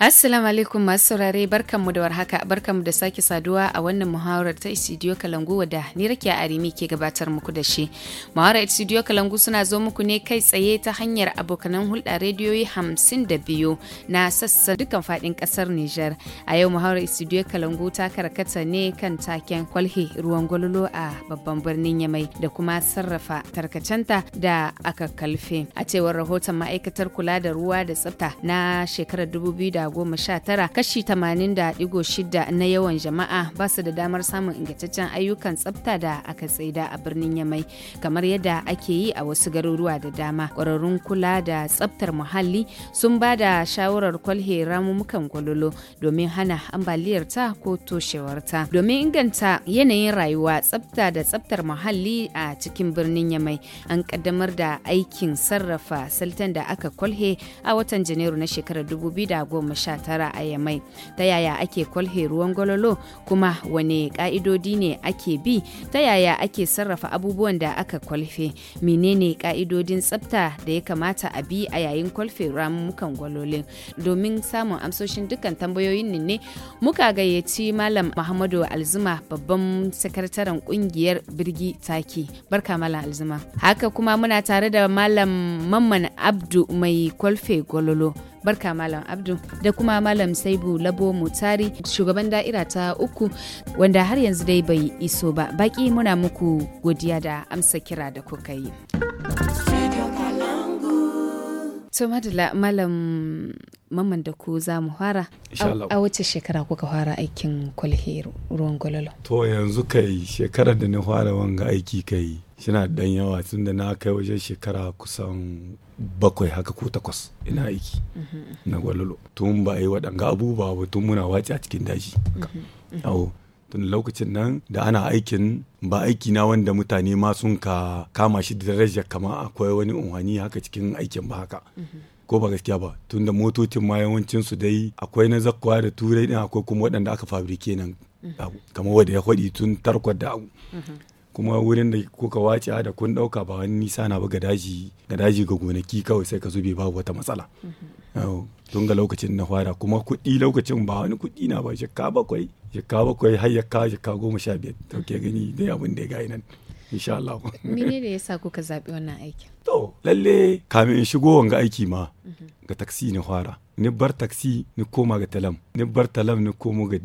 Assalamu alaikum masu saurare barkanmu da warhaka barkanmu da sake saduwa a wannan muhawarar ta Studio Kalangu wadda ni a Arimi ke gabatar muku da shi. Muhawarar Studio Kalangu suna zo muku ne kai tsaye ta hanyar abokanan hulɗa rediyoyi hamsin da biyu na sassa dukkan faɗin ƙasar Nijar. A yau muhawarar Studio Kalangu ta karkata ne kan taken kwalhe ruwan gwalolo a babban birnin Yamai da kuma sarrafa tarkacenta da aka kalfe. A cewar rahoton ma'aikatar kula da ruwa da tsafta na shekarar 2000 goma sha tara kashi tamanin da digo shida na yawan jama'a ba su da damar samun ingantaccen ayyukan tsafta da aka tsaida a birnin Yamai kamar yadda ake yi a wasu garuruwa da dama. Ƙwararrun kula da tsaftar muhalli sun ba da shawarar kwalhe ramumukan kwalolo domin hana ambaliyar ta ko toshewarta. Domin inganta yanayin rayuwa tsafta da tsaftar muhalli a cikin birnin Yamai an kaddamar da aikin sarrafa saltan da aka kwalhe a watan Janairu na shekarar 2010 19 a Yamai. Ta yaya ake kwalhe ruwan gwalolo kuma wane ka'idodi ne ake bi? Ta yaya ake sarrafa abubuwan da aka kwalfe? Menene ka'idodin tsafta da ya kamata a bi a yayin kwalfe ramukan gwalolin? Domin samun amsoshin dukkan tambayoyin ne muka gayyaci Malam Muhammadu Alzuma babban sakataren kungiyar Birgi Taki. Barka Malam Alzuma. Haka kuma muna tare da Malam Mamman Abdu mai kwalfe gwalolo. barka malam abdu da kuma malam saibu labo mutari shugaban da'ira ta uku wanda har yanzu dai bai iso ba baki muna muku godiya da amsa kira da kuka yi to madala malam mamman da ku za mu fara a wace shekara kuka fara aikin kwalhe ruwan gwalolo to yanzu kai shekarar da na fara wanga aiki kai shina dan yawa tun da na kai wajen shekara kusan bakwai haka ko takwas ina aiki na gwalolo tun ba a yi waɗanga abubuwa ba tun muna wace a cikin daji awo tun lokacin nan da ana aikin ba aiki na wanda mutane ma sun ka kama shi da daraja kama akwai wani unhani haka cikin aikin ba haka ko ba gaskiya ba tun da motocin ma yawancin su dai akwai na zakkowa da turai din akwai kuma waɗanda aka fabrike nan kamar wanda ya faɗi tun tarkwar da abu kuma wurin da kuka wace da kun dauka ba wani nisa na ba ga daji ga daji ga gonaki kawai sai ka zube babu wata matsala mm-hmm. tun ga lokacin na fara kuma kuɗi lokacin ba wani kuɗi na ba shekka bakwai shekka bakwai har ya kawo shekka goma sha biyar to ke mm-hmm. gani da abin da ya gaya nan insha Allah mene ne yasa kuka zaɓi wannan aiki. to lalle kamin in shigo wanga aiki ma mm-hmm. ga taksi ni fara ni bar taksi ni koma ga talam ni bar talam ni komo ga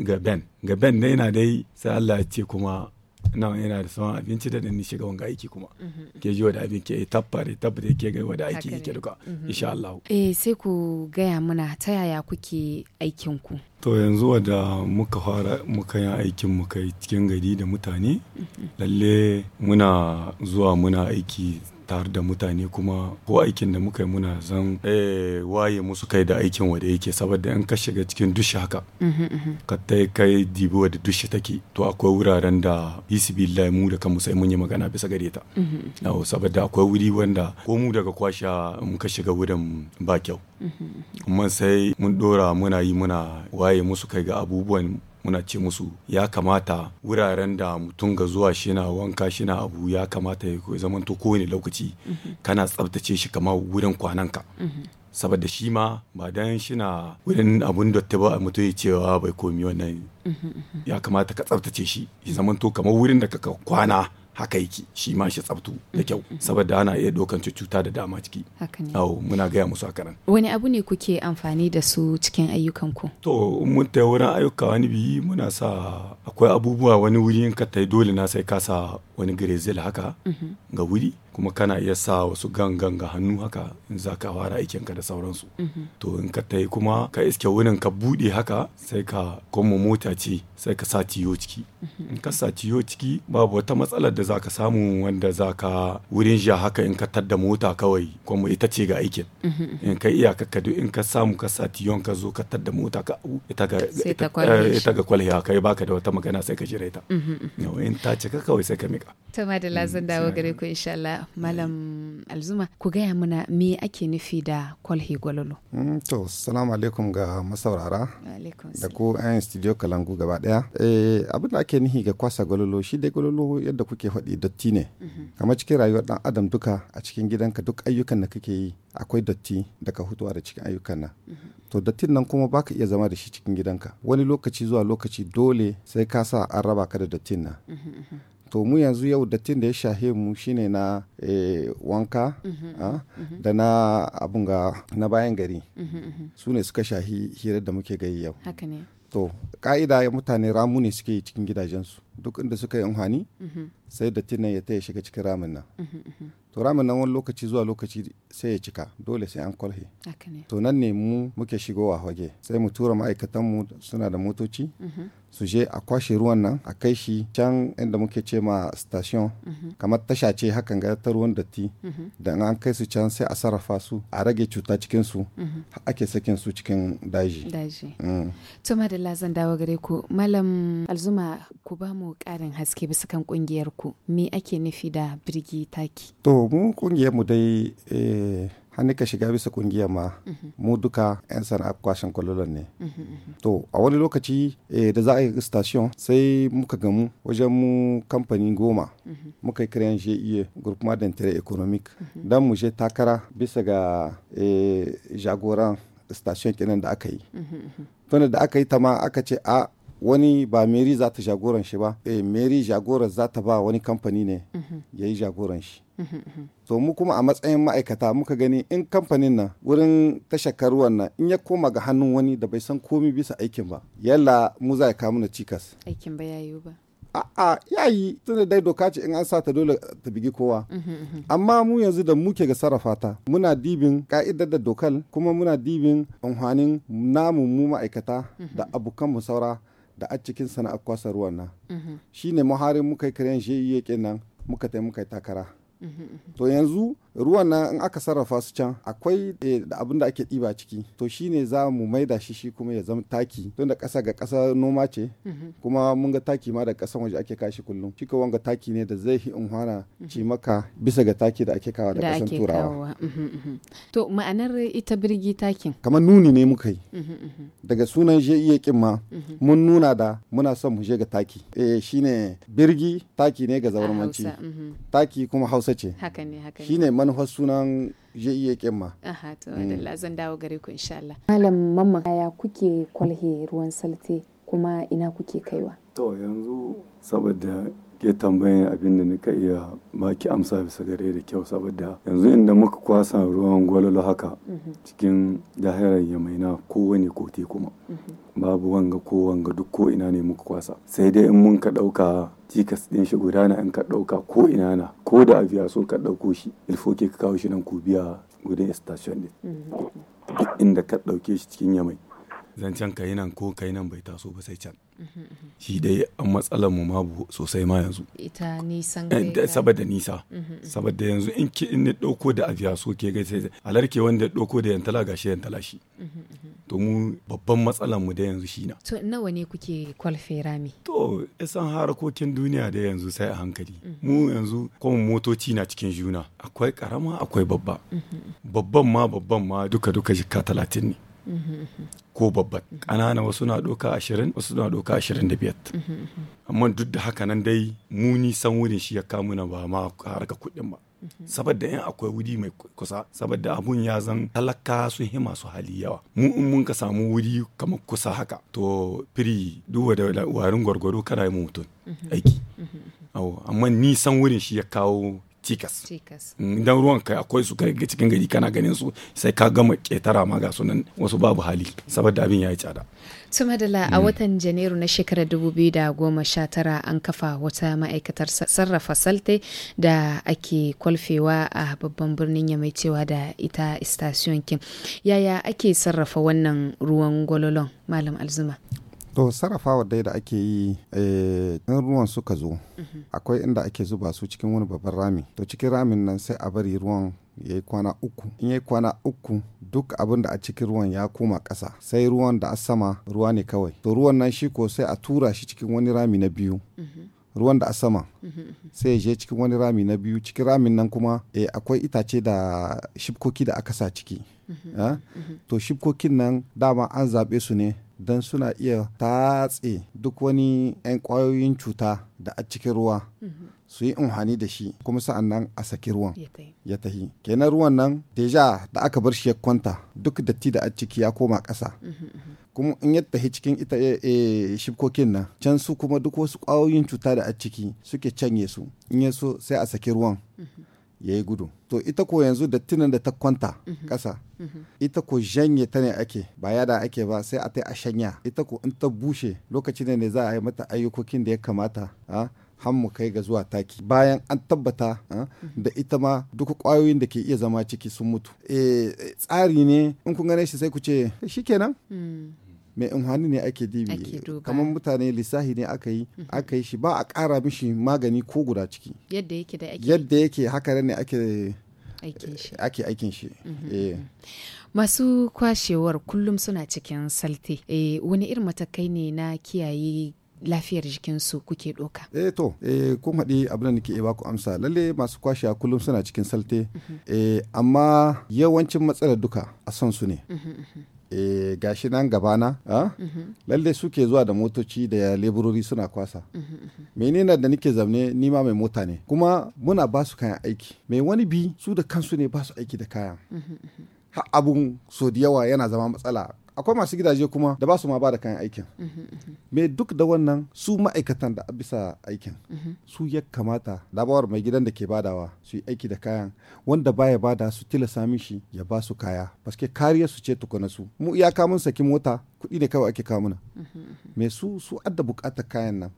ga ben ga ben dai na dai sai Allah ya ce kuma nan yana da saman abinci da ni shiga wanga aiki kuma mhm. ke ji da abin ke tabba da tabba da ke gaiwa da aiki yake duka mhm. insha Allah eh sai ku gaya mana ta yaya kuke aikin ku to yanzu wadda muka fara muka yin aikin mu kai cikin gari da mutane mhm. lalle muna zuwa muna aiki tare da mutane kuma ko aikin da muka yi muna zan eh, waye musu kai da aikin wanda yake saboda in ka shiga cikin dushi haka mhm, mhm. ka ta kai dibi wadda dushi take to akwai wuraren da bisbillah mu da kanmu sai mun yi magana bisa gare ta mhm, saboda akwai wuri wanda ko mu daga kwasha in ka shiga wurin ba kyau amma sai mun dora muna yi muna waye musu kai ga abubuwan muna ce musu ya kamata wuraren da mutum ga zuwa shi na wanka shi na abu ya kamata ya to kowane lokaci kana tsabtace shi kama wurin kwananka saboda shi ma ba dan na wurin abun dotti ba mutum ya cewa bai komi wannan ya kamata ka tsabtace shi ya zamanto kamar wurin da ka kwana haka yake shi ma shi tsabtu da kyau saboda ana iya dokan cuta da dama ciki awo muna gaya musu haka nan wani abu ne kuke amfani da su cikin ayyukan ku to mun ta wurin ayyuka wani biyi muna sa akwai abubuwa wani wuri in ka tai dole na sai ka sa wani grezel haka mhm. ga wuri kuma kana iya sa wasu gangan ga hannu haka in za ka fara aikinka da sauransu mhm. to in ka ta'i kuma ka iske wurin ka bude haka sai ka kuma mota ce sai ka sa tiyo ciki mhm. in ka sa tiyo ciki babu wata matsalar da za ka samu wanda za ka wurin ja haka in ka tadda mota kawai kuma ita ce ga aikin in ka iya ka kadu in ka samu ka sa tiyon ka zo ka tadda mota ka ita ga ita eh, ga kwalhiya baka da wata magana sai ka jira ita in ta ce ka kawai sai ka shiga ta da lazin dawo gare ku insha Allah eh. malam alzuma ku gaya mana me ake nufi da kwalhe gwalolo mm, to salamu alaikum ga masaurara da ku ayan studio kalangu gaba daya eh, abin da ake nufi ga kwasa gwalolo shi dai gwalolo yadda kuke faɗi dotti ne kamar mhm. cikin rayuwar dan adam duka a cikin gidanka duk ayyukan da kake yi akwai dotti ka hutuwa da cikin ayyukan nan mhm. to dattin nan kuma baka iya zama da shi cikin gidanka wani lokaci zuwa lokaci dole sai ka sa an raba ka da dattin nan mhm, to mu yanzu yau dattin da ya shahe mu shine na eh, wanka mhm. Ah, mhm. da na abun ga na bayan gari mhm, su ne suka shahi hira da muke gayi yau to ka'ida mutane ramu ne suke cikin gidajensu duk inda suka yi amfani sai dattin nan ya ta ya shiga cikin ramin nan to ramin nan wani lokaci zuwa lokaci sai ya cika dole sai an kwalhe to nan ne mu muke shigowa waje sai mu tura ma'aikatanmu suna da motoci su je a kwashe ruwan nan a kai shi can inda muke ce ma station mhm. kamar tasha ce hakan ga ta ruwan datti mhm. da an kai su can sai a sarrafa su a rage cuta cikin su mhm. ake sakin su cikin daji daji mm. to madalla zan dawo gare ku malam alzuma ku ba mu karin haske bisa kan kungiyar ku me ake nufi da birgi taki to mu kungiyar mu dai eh, hannu ka shiga bisa kungiyar ma mhm. mu duka 'yan sana'a kwashen kwallon ne mhm, mhm, to a wani lokaci eh, da za a yi station sai muka gamu wajen mu kamfani goma muka yi kiran je groupement d'intérêt economic don mu je takara bisa ga eh, jagoran station kenan da aka yi tunda da aka yi ta ma aka ce a wani ba meri za ta jagoran shi ba eh, meri jagoran za ta ba wani kamfani ne ya yi jagoran shi to mu kuma a matsayin ma'aikata muka gani in kamfanin nan wurin tashakar wannan in ya koma ga hannun wani da bai san komi bisa aikin ba yalla mu za ya kamuna cikas aikin ba yayi ba a'a yayi tunda dai doka ce in an sa ta dole ta bigi kowa mhm, mhm, mhm. amma mu yanzu da muke ga sarrafa ta muna dibin ka'idar da dokal kuma muna dibin amfanin namu mu ma'aikata da abokan mu saura da a cikin sana'ar kwasa ruwan nan shine muharin muka yi kiran shi yake nan muka taimaka takara to yanzu ruwan nan in aka sarrafa su can akwai eh, da abin da ake ɗiba ciki to shine za mu maida shi shi kuma ya zama taki tun da ƙasa ga ƙasa noma ce mm-hmm. kuma mun ga taki ma da ƙasan waje ake kashi kullum shi ka wanga taki ne da zai in hana mm-hmm. ci maka bisa ga taki da ake kawa da ƙasan turawa mm-hmm, to ma'anar ita birgi takin kamar nuni ne muka yi daga sunan je iya kin ma mun nuna da muna son mu je ga taki eh shine birgi taki ne ga zaurmanci taki kuma hausa ce haka ne haka ne manufar sunan ya iya kimma. Aha to Allah mm. zan dawo gare ku insha Allah. Malam mamma ya kuke kwalhe ruwan salte kuma ina kuke kaiwa? To yanzu saboda ke tambayin abin da nika iya baki amsa bisa gare da kyau saboda yanzu inda muka kwasa ruwan gwalolo haka cikin jahirar yamaina kowane kote kuma babu wanga ko wanga duk ko ina ne muka kwasa sai dai in mun ka ɗauka cikas ɗin shi gudana in ka ɗauka ko ina na ko da abiya so ka ɗauko shi ilfo ke ka kawo shi nan ku biya gudun station ne duk inda ka ɗauke shi cikin yamai zancen ka yi nan ko ka yi nan bai taso ba sai can shi dai an matsalar mu ma sosai ma yanzu ita nisan eh, saboda nisa mm-hmm, mm-hmm. saboda yanzu in ki in dauko da abiya so ke ga sai alarke wanda dauko da yantala gashi yantala shi mm-hmm, to mu babban matsalar mu da yanzu shi na to nawa ne kuke kwalfe rami to isan harkokin duniya da yanzu sai a hankali mu yanzu kuma motoci na cikin juna akwai karama akwai babba babban ma babban ma duka duka jikka talatin ne ko babba ƙanana wasu na ɗoka ashirin wasu na ɗoka ashirin da biyar amma duk da haka nan dai muni san wurin shi ya kamu na ba ma harka kuɗin ba saboda yan akwai wuri mai kusa saboda abun ya zan talaka sun yi masu hali yawa mu in mun ka samu wuri kamar kusa haka to firi duwa da warin gwargwaro kana yi mutum aiki amma nisan wurin shi ya kawo cikas dan ruwan kai akwai su kai cikin gari kana ganin su sai ka gama ketara ma ga sunan wasu babu hali saboda abin ya yi tsada tumadala a mm. watan janairu na shekarar 2019 an kafa wata ma'aikatar sarrafa salte da ake kwalfewa a babban birnin ya mai cewa da ita Station kim yaya ake sarrafa wannan ruwan gwalolon malam alzuma To sarrafawa dai da ake yi eh, in ruwan suka zo mhm. akwai inda ake zuba su cikin wani babban rami to cikin ramin nan sai a bari ruwan ya yi kwana uku in ya yi kwana uku duk abin da a cikin ruwan ya koma ƙasa sai ruwan da a sama ruwa ne kawai to ruwan nan shi ko sai a tura shi cikin wani rami na biyu mhm. ruwan da a sama mhm, sai ya je cikin wani rami na biyu cikin ramin nan kuma eh, akwai itace da shibkoki da aka sa ciki eh? to shibkokin nan dama an zaɓe su ne don suna iya tatse duk wani 'yan kwayoyin cuta da a cikin ruwa su yi amfani da shi kuma sa'an nan a saki ruwan ya tahi kenan ruwan nan deja da aka bar shi ya kwanta duk datti da a ciki ya koma ƙasa kuma in ya tahi cikin ita eh, eh, shibkokin nan can su kuma duk wasu kwayoyin cuta da a ciki suke canye su in ya so sai a saki ruwan ya yi gudu to ita ko yanzu dattinan da ta kwanta mhm. ƙasa mhm. ita ko janye ta ne ake ba yada ake ba sai a ta a shanya ita ko in ta bushe lokaci ne ne za a yi mata ayyukokin da ya kamata har mu kai ga zuwa taki bayan an tabbata mhm. da ita ma duk kwayoyin da ke iya zama ciki sun mutu eh, tsari ne in kun gane shi sai ku ce shikenan hmm. mai amfani ne ake dibi kamar mutane lissahi ne aka yi mhm. aka yi shi ba a kara mishi magani ko guda ciki yadda yake haka ne ake aikin shi mhm, eh. mhm. masu kwashewar kullum suna cikin salte eh, wani irin matakai ne na kiyaye lafiyar jikinsu kuke ɗoka? Eh to, eh, kun haɗi abin da nake ba ku amsa. Lalle masu kwashe kullum suna cikin salte, eh, amma yawancin matsalar duka a son su ne. e, gashi nan gabana ah, lalle suke zuwa da motoci da leburori suna kwasa menene da nake zamne nima mai mota ne kuma muna ba su kayan aiki mai wani bi su da kansu ne ba su aiki da kayan abun so da yawa yana zama matsala akwai masu gidaje kuma da ba su ma ba da kayan aikin me duk da wannan su ma'aikatan da bisa aikin su ya kamata labawar mai gidan da ke badawa su yi aiki da kayan wanda baya bada su tilasa mishi ya ba su kaya paske kariyar su ce tukuna su mu iyaka mun saki mota kuɗi ne kawai ake kawo mana me su su adda bukatar kayan nan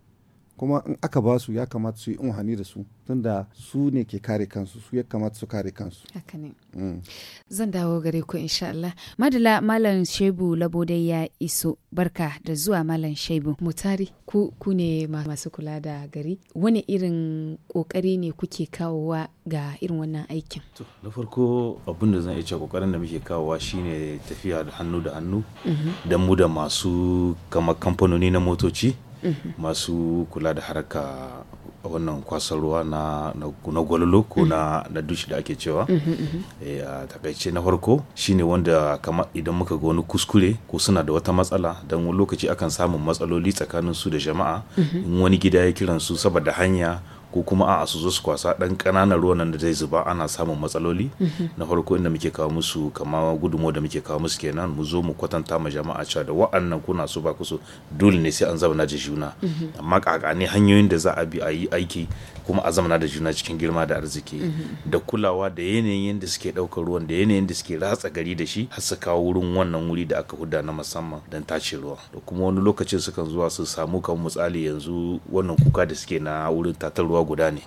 kuma in aka ba su ya kamata su yi unhani da su tunda su ne ke kare kansu su ya kamata su kare kansu haka mm. zan dawo gare ku insha Allah madala malam shebu labodai ya iso barka da zuwa malam shebu mutari ku ne masu kula da gari wani irin kokari ne kuke kawowa ga irin wannan aikin to na farko abin da zan iya cewa kokarin da muke kawowa shine tafiya da hannu da hannu mhm. da mu da masu kamar kamfanoni na motoci masu kula da harka wannan kwasar ruwa na na gwalolo ko na na dushi da ake cewa mhm, mhm. Eh, a takaice na farko shine wanda kama idan muka ga wani kuskure ko suna da wata matsala don lokaci akan samun matsaloli tsakanin su da jama'a mhm. in wani gida ya kiran su saboda hanya ko kuma a su zo su kwasa dan kananan ruwan nan da zai zuba ana samun matsaloli na farko inda muke kawo musu kama gudumo da muke kawo musu kenan mu zo mu kwatanta ma jama'a cewa da wa'annan kuna so ba kuso dole ne sai an zamana da juna amma kaka ne hanyoyin da za a bi a yi aiki kuma a zamana da juna cikin girma da arziki da kulawa da yanayin yadda suke ɗaukar ruwan da yanayin da suke ratsa gari da shi har su kawo wurin wannan wuri da aka huda na musamman dan tace ruwa da kuma wani lokacin sukan zuwa su samu kamar misali yanzu wannan kuka da suke na wurin tatar ruwa guda ne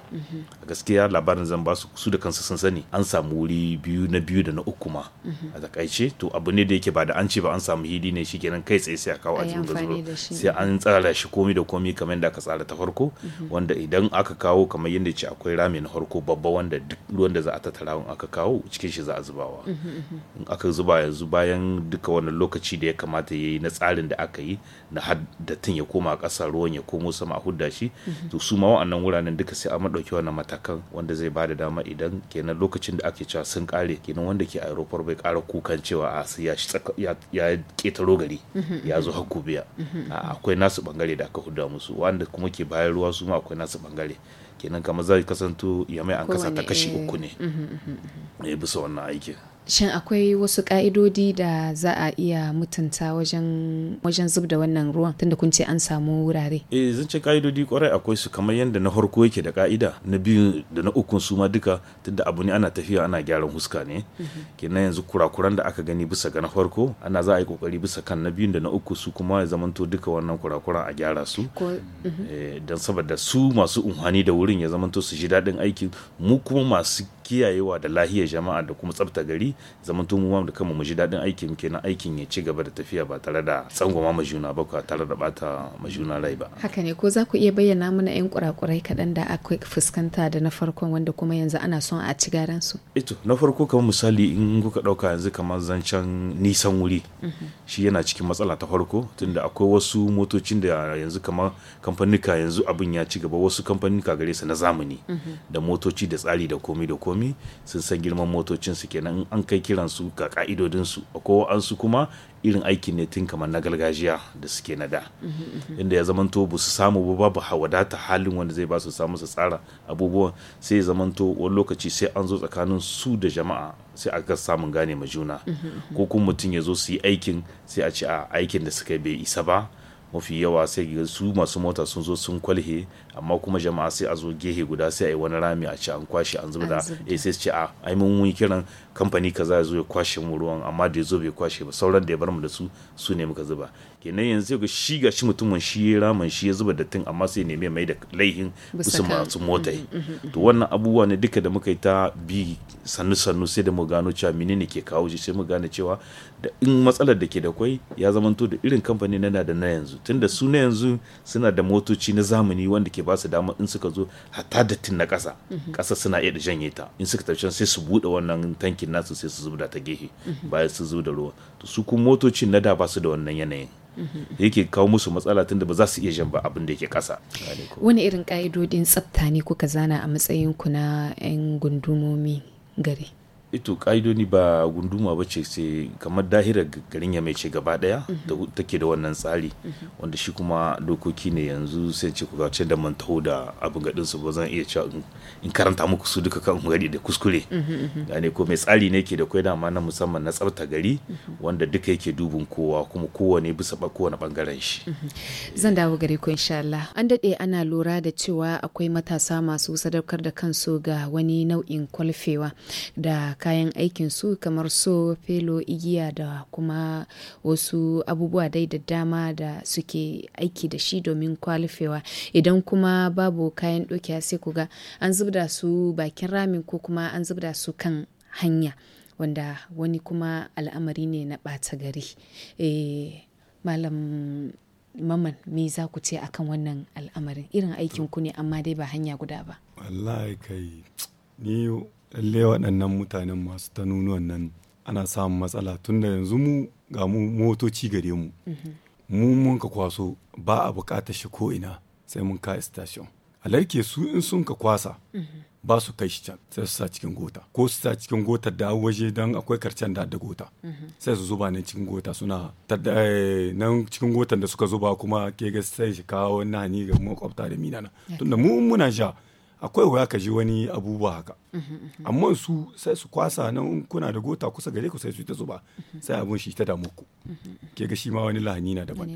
a gaskiya labarin zan ba su da kansu sun sani an samu wuri biyu na biyu da na uku ma a takaice to abu ne da yake ba da an ce ba an samu hili ne shikenan kai tsaye sai a kawo a cikin zuwa sai an tsara shi komi da komi kamar yadda aka tsara ta farko wanda idan aka kawo kamar yadda ce akwai rami na farko babba wanda duk ruwan da za a tattara aka kawo cikin shi za a zubawa in aka zuba yanzu bayan duka wannan lokaci da ya kamata ya yi na tsarin da aka yi na haddatin ya koma ƙasa ruwan ya komo sama a hudda shi to su ma wa'annan wuraren duka sai a madauki wannan matakan wanda zai ba dama idan kenan lokacin da ake cewa sun kare kenan wanda ke aeroport bai kara kukan cewa a ah, sai ya ya ketaro gari ya zo har gobe akwai nasu bangare da aka huda musu wanda kuma ke bayar ruwa su ma akwai nasu bangare kenan kamar zai kasanto ya mai an kasa ta kashi uku eh, ne ya mm, mm, mm, eh, bisa wannan aikin shin akwai wasu ka'idodi da za a iya mutunta wajen wajen zub da wannan ruwan tunda kun ce an samu wurare eh zan ce ka'idodi kwarai akwai su kamar yadda na farko yake da ka'ida na biyu da na ukun su ma duka tunda abu ne ana tafiya ana gyaran huska ne mhm. kenan yanzu kurakuran da aka gani bisa ga na farko ana za a yi kokari bisa kan na biyun da na uku su kuma ya zamanto duka wannan kurakuran a gyara su mhm. eh, don saboda su masu unhani da wuri wurin ya zamanto su ji daɗin aikin mu kuma masu kiyayewa da lahiyar jama'a da kuma tsafta gari zaman mu da kanmu mu ji daɗin aiki muke na aikin ya ci gaba da tafiya ba tare da tsangwama ma juna ba tare da bata ma juna rai ba haka ne ko za ku iya bayyana mana yan kurakurai kaɗan da akwai fuskanta da na farkon wanda kuma yanzu ana son a ci garan su ito eh na farko kamar misali in kuka ɗauka yanzu kamar zancen nisan wuri mhm. shi yana cikin matsala ta farko tunda akwai wasu motocin da yanzu kamar kamfanika yanzu abin ya ci gaba wasu kamfanika gare su na zamani mhm. da motoci da tsari da komai da komai komi sun san girman motocin su kenan an kai kiran su ga ka'idodin su akwai an su kuma irin aikin ne tun kamar na gargajiya da suke na da inda ya zamanto ba su samu ba babu hawadata halin wanda zai ba su samu su tsara abubuwan sai ya zamanto wani lokaci sai an zo tsakanin su da jama'a sai aka samun gane ma juna mm-hmm. ko kuma mutum ya zo su yi aikin sai a ce a aikin da suka bai isa ba mafi yawa sai ga su masu mota sun zo sun kwalhe amma kuma jama'a sai a zo gehe guda sai a yi wani rami a ci an kwashe an zuba da eh, sai ce a ah, ai mun yi kiran kamfani kaza ya zo ya kwashe mu ruwan amma da ya zo bai kwashe ba sauran da ya bar mu da su su ne muka zuba kenan yanzu ga shi ga shi mutumin shi ya raman shi ya zuba dattin amma sai neme mai da laihin bisu masu mota mm, mm, mm, to wannan abubuwa ne duka da muka yi ta bi sannu sannu sai da mu gano cewa menene ke kawo shi sai mu gane cewa da in matsalar da ke da kwai ya zamanto da irin kamfani na da na yanzu tunda su na yanzu suna da motoci na zamani wanda ke ba su dama in suka zo hatta tun na kasa kasa mhm. suna iya da janye ta in suka tafi sai su buɗe wannan tankin nasu sai su zubda ta gehe mhm. bayan su zo da ruwa to su kuma motoci na da ba su da wannan yanayin mhm. yake kawo musu matsala tunda ba za su iya jan ba abin da yake kasa. wani irin ka'idodin tsafta ne kuka zana a matsayin ku na 'yan gundumomi gari ito ƙa'idodi ba gunduma ba ce sai kamar dahirar garin ya mai ce gaba daya da mhm. take da wannan tsari mhm. wanda shi kuma dokoki ne yanzu sai ce kuka ce da man taho da abin gadin su ba zan iya cewa in karanta muku su duka kan gari da kuskure mhm, gane ko mai tsari ne ke da kai dama na musamman na tsabta gari wanda duka yake dubin kowa kuma kowane bisa ba kowane bangaren shi zan dawo gare ku insha Allah an daɗe ana lura da cewa akwai matasa masu sadaukar da kansu ga wani nau'in kwalfewa da kayan aikin su kamar so felo igiya da kuma wasu abubuwa dai da dama da suke aiki da shi domin kwalifewa idan kuma babu kayan ɗaukiya sai ku ga an zubda su bakin ramin ko kuma an zubda su kan hanya wanda wani kuma al'amari ne na bata gari e, malam maman me za ku ce akan wannan al'amarin irin aikin ku ne amma dai ba hanya guda ba wallahi kai ni Lalle waɗannan mutanen masu ta nan ana samun matsala tun da yanzu mu ga mu motoci gare mu. Mu mun ka kwaso ba a buƙatar shi ko ina sai mun ka station. Alarke su in sun ka kwasa ba su kai shi can sai su sa cikin gota ko su sa cikin gotar da waje don akwai karcen da da gota sai su zuba ne cikin gota suna eh, nan cikin gotar da suka zuba kuma ke sai shi kawo wani hani ga makwabta da minana tunda mu muna sha akwai waya ka ji wani abubuwa haka amma su sai su kwasa nan kuna da gota kusa gare ku sai su ta zuba sai abun shi ta damu ku ke ga shi ma wani lahani na daban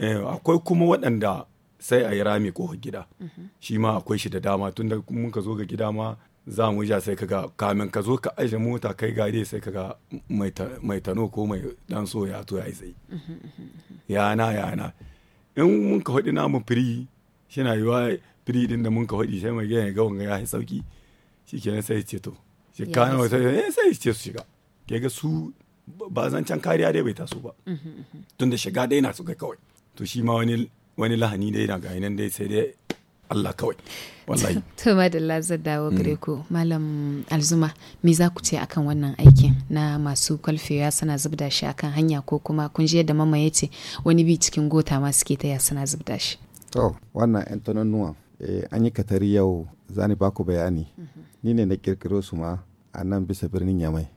eh, akwai kuma waɗanda sai a yi rami ko gida shi ma akwai shi da dama tunda da mun ka zo ga gida ma za mu ja sai kaga kamin ka zo ka aje mota kai gare sai kaga mai tano ko mai dan so ya to ya sai yana yana in mun ka faɗi namu firi shi na yiwa firi din da mun ka faɗi sai mai gaya ga wanga ya yi sauki shi kenan sai ce to shi kano sai eh sai ce su shiga ke ga su ba can kariya dai bai taso ba mm-hmm, mm-hmm. tun da shiga dai na su kai kawai to shi ma wani wani lahani dai na ga nan dai sai dai Allah kawai wallahi to madalla zan dawo mm. gare ku malam alzuma me za ku ce akan wannan aikin na masu kwalfewa suna zubda shi akan hanya ko kuma kun je da mamaye ce wani bi cikin gota ma suke taya suna zubda shi to wannan yan tunanuwa Eh, an yi katari yau za baku bayani ni ne na kirkiro su ma a nan bisa birnin yamai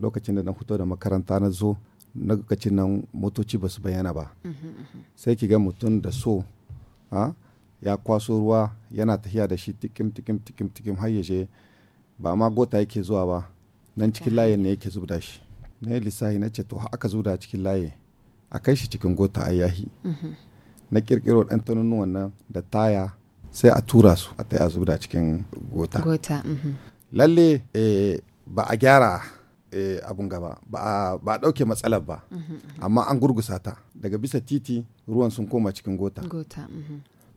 lokacin da na fito da makaranta na zo na lokacin nan motoci ba su bayyana ba sai ki ga mutum da so ya kwaso ruwa yana tafiya da shi tikim tikim tikim tikim har ba ma gota yake zuwa ba nan cikin layin ne yake zubda shi na yi lissahi na ce to aka zuda cikin layi a kai shi cikin gota a yahi na kirkiro ɗan tununuwan nan da taya sai a tura su a taya su da cikin gota. Gota. Mhm. Lalle eh, ba a gyara eh, abun gaba ba a ba ɗauke matsalar ba mhm, mhm. amma an gurgusa ta daga bisa titi ruwan sun koma cikin gota. Gota.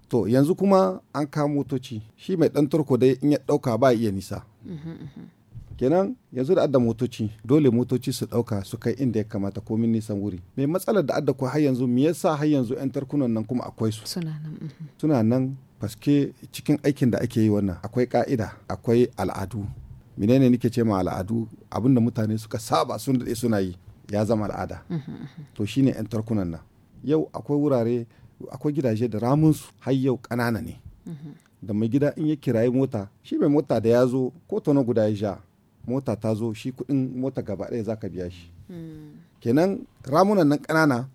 To yanzu kuma an kamo motoci shi mai ɗan turko dai in ya ɗauka ba iya nisa. kenan yanzu da adda motoci dole motoci su dauka su kai inda ya kamata komin nisan wuri mai matsalar da adda ko har yanzu me yasa har yanzu yan tarkunan nan kuma akwai su suna nan mhm. suna cikin aikin da ake yi wannan akwai ka'ida akwai al'adu menene nake ce ma al'adu abinda mutane suka saba sun dade suna yi ya zama al'ada mhm, mhm. to shine yan tarkunan nan yau akwai wurare akwai gidaje da su har yau kanana ne da mai gida in ya kirayi mota shi mai mota da ya zo ko tono guda ya sha mota ta zo shi kuɗin mota gaba ɗaya za ka biya shi hmm. kenan ramunan nan ƙanana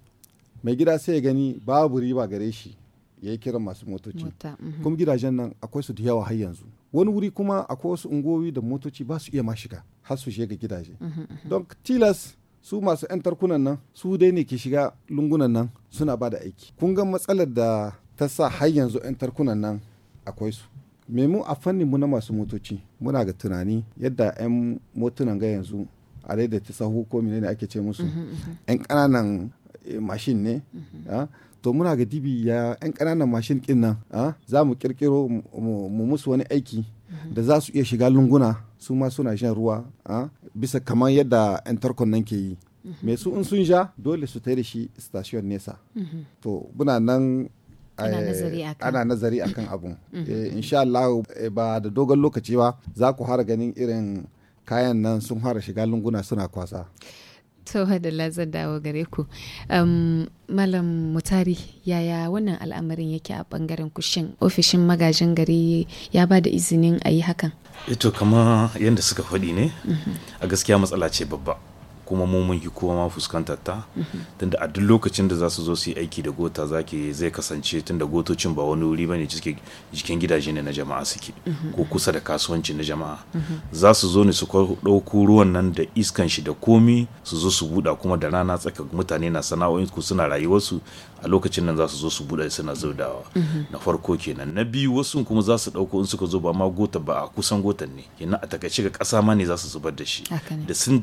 mai gida sai ya gani babu riba gare shi ya yi kiran masu motoci mhm. kuma gidajen nan akwai su da yawa har yanzu wani wuri kuma akwai wasu unguwoyi da motoci ba su iya ma shiga har su shiga gidaje mhm, mhm. don tilas su masu 'yan tarkunan nan su dai ne ke shiga lungunan nan suna ba da aiki kun ga matsalar da ta sa har yanzu 'yan tarkunan nan akwai su mu a fannin mu na masu motoci muna ga tunani yadda 'yan motunan ga yanzu a ta sahu ko ne ake ce musu 'yan mhm, mhm. kananan eh, mashin ne mhm. ah? to muna ga dibi ya 'yan ƙananan mashin ɗin nan ah, za mu ƙirƙiro mu musu wani aiki da za su iya shiga lunguna su ma suna shan ruwa ah, bisa kamar yadda 'yan tarkon nan ke yi me su in sun sha dole su tai da shi station nesa to muna nan Eh, ana nazari akan abun mhm. eh, insha Allah eh, ba da dogon lokaci ba za ku har ganin irin kayan nan sun fara shiga lunguna suna kwasa to da zan dawo gare ku malam mutari yaya wannan al'amarin yake a bangaren kushin ofishin magajin gari ya ba da izinin a yi hakan ito kama yadda suka faɗi ne mhm. a gaskiya matsala ce babba kuma mu mun yi kowa ma fuskantar ta tunda a duk lokacin da za su zo su yi aiki da gota zaki zai kasance tunda gotocin ba wani wuri bane jikin gidaje ne na jama'a suke ko kusa da kasuwanci na jama'a za su zo ne su ɗauko ruwan nan da iskan shi da komi su zo su buɗa kuma da rana tsaka mutane na sana'o'in ku suna rayuwarsu a lokacin nan za su zo su buɗe suna zaudawa na farko kenan na biyu wasu kuma za su ɗauko in suka zo ba ma gota ba a kusan gotan ne kenan a takaice ga ƙasa ma ne za su zubar da shi da sun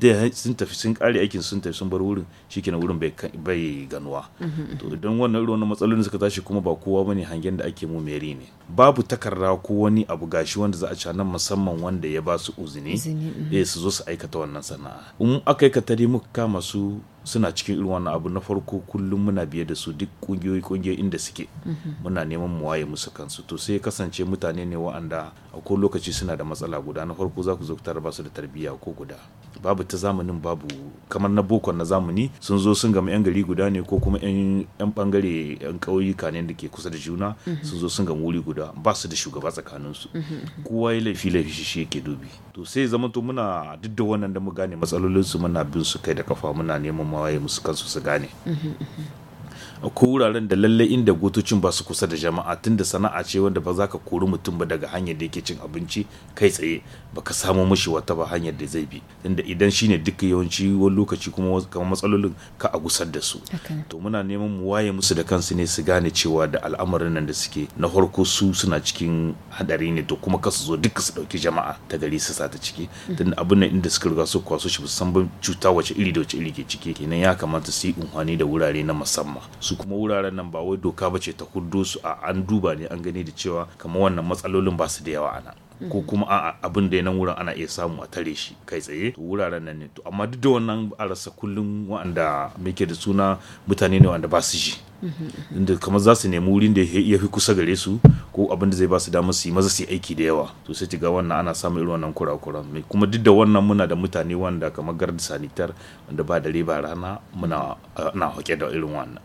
tafi sun ƙare aikin sun tafi sun bar wurin kenan wurin bai ganuwa to idan wannan irin wannan matsalolin suka tashi kuma ba kowa ne hangen da ake mu meri ne babu takarda ko wani abu gashi wanda za a ci nan musamman wanda ya ba su uzini mm. eh su zo su aikata wannan sana'a in aka aikata dai muka kama su suna cikin irin wannan abu na farko kullum muna biye da su duk kungiyoyi kungiyoyi inda suke mhm. muna neman mu waye musu kansu to sai kasance mutane ne wa'anda a ko lokaci suna da matsala guda na farko za ku zo ku tara ba su da tarbiyya ko guda babu ta zamanin babu kamar na bokon na zamani sun zo sun gama yan gari guda ne ko kuma yan bangare yan ƙauyuka ne da ke kusa da juna mhm. sun zo sun gama wuri guda ba su da shugaba tsakanin su mhm, mhm. kowa ya laifi laifi shi yake dubi to sai zama to muna duk da wannan da mu gane matsalolin su muna bin su kai da kafa muna neman mawaye musu kansu su gane ko wuraren da lalle inda gotocin ba su kusa da jama'a tunda sana'a ce wanda ba za ka kori mutum ba daga hanyar da yake cin abinci kai tsaye ba ka samo mishi wata ba hanyar da zai bi tunda idan shine duka yawanci wani lokaci kuma kamar matsalolin ka a gusar da su to muna neman mu waye musu da kansu ne su gane cewa da al'amarin nan da suke na farko su suna cikin hadari ne to kuma kasu zo duka su dauki jama'a ta gari su sa ta ciki mm. tunda abin nan inda suka riga su kwaso shi san cuta wace iri da wace iri ke ciki kenan ya kamata su yi unhwani da wurare na musamman su kuma wuraren nan ba wai doka ba ce ta kuddo su a an duba ne an gani da cewa kamar wannan matsalolin ba su da yawa ana ko mhm. kuma a abin da nan wurin ana iya samu a tare shi kai tsaye to wuraren nan ne to amma duk da wannan a rasa kullum wa'anda muke da suna mutane ne wanda ba su ji inda kamar za su nemi wurin da ya fi kusa gare su ko abin da zai ba su damar su yi maza su yi aiki da yawa to sai ga wannan ana samun irin wannan kura-kura kuma duk da wannan muna da mutane wanda kamar garda sanitar wanda ba da riba rana muna eh, na hake da irin wannan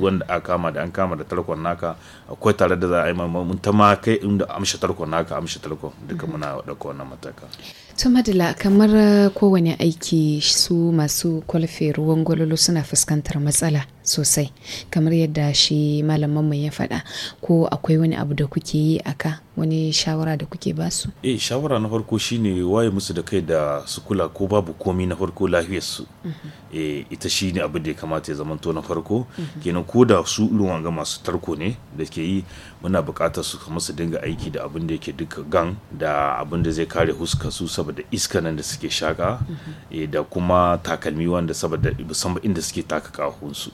wanda aka kama da an kama da tarkon naka akwai tare da za a yi mun ta ma kai inda amsha tarkon naka amsha tarkon duka muna da wannan mataka To Madila kamar eh, kowane aiki su masu kwalfe ruwan gwalolo suna fuskantar matsala sosai kamar yadda shi malamanmu ya faɗa ko akwai wani abu da kuke yi aka wani shawara da kuke ba su? Eh shawara na farko shine waye musu da kai da su kula ko babu komi na farko lafiyar su. Mhm. Eh ita shine abin da ya kamata ya zamanto na farko mhm. kenan ko da su irin wanga masu tarko ne da ke yi muna buƙatar su kuma su dinga aiki da abin da yake duka gan da abin da zai kare huska su saboda iska nan da suke shaka mhm. eh da kuma takalmi wanda saboda musamman inda suke taka kahun su.